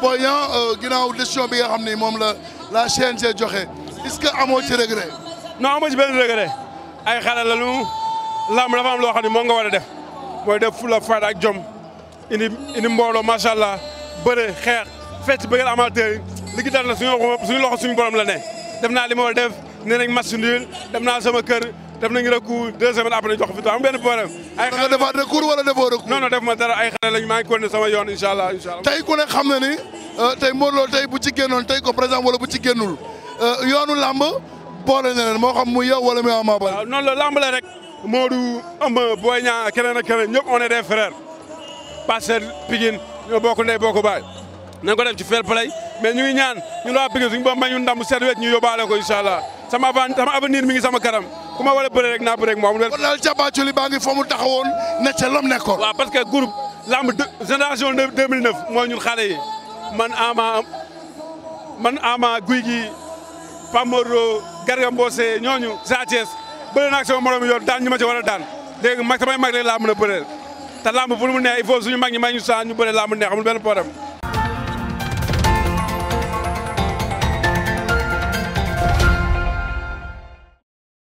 Boy Niang euh, ginnaaw décision bi nga xam ni moom la la CNG joxe est-ce que amoo ci regret. non amoo ci benn regret ay xale la ñu lamb dafa loo xam ne moom nga war a def mooy def fula fayda ak jom indi indi mbooloo macha allah bëre xeex fet bëgg amateur yi li ki dal na suñu suñu loxo suñu borom la ne def naa li ma war a def nee nañ dem naa sama kër. def nañu recours deux semaines après jox fi am benn problème. ay xale defaat recours wala defoo recours. non non def ma dara ay xale lañ maa ngi continuer sama yoon incha allah incha allah. tey ku ne xam na ni euh, tey Modou bu ci génnoon tey ko par exemple wala bu ci génnul euh, yoonu làmb boole na leen moo xam mu yow wala muy Ama Baldé. waaw la làmb la rek. Modou Ama Boy Niang keneen ak keneen ñëpp on est des frères Parcelles Pikine ñoo bokk baay. nañ ko def ci fair play mais ñu ngi ñaan ñun a Pikine suñu bopp may ñu ndam seet wet ñu yóbbaale ko incha allah sama avant sama avenir mi ngi sama kanam ku ma war a bëre rek naa bëre rek moo amul. kon daal Diabathioly baa ngi fa mu taxawoon ne ca lam nekkoon. waaw parce que groupe lamb génération 2009 mooy ñun xale yi man Ama man Ama Guy gi Pamoro Garga Mbossé ñooñu Sa Thiès bëri naa ak yoon daan ñu ma ci war a daan léegi mag samay mag a bu mu neex il faut suñu mag ñi may ñu saa ñu bëre lamb neex amul benn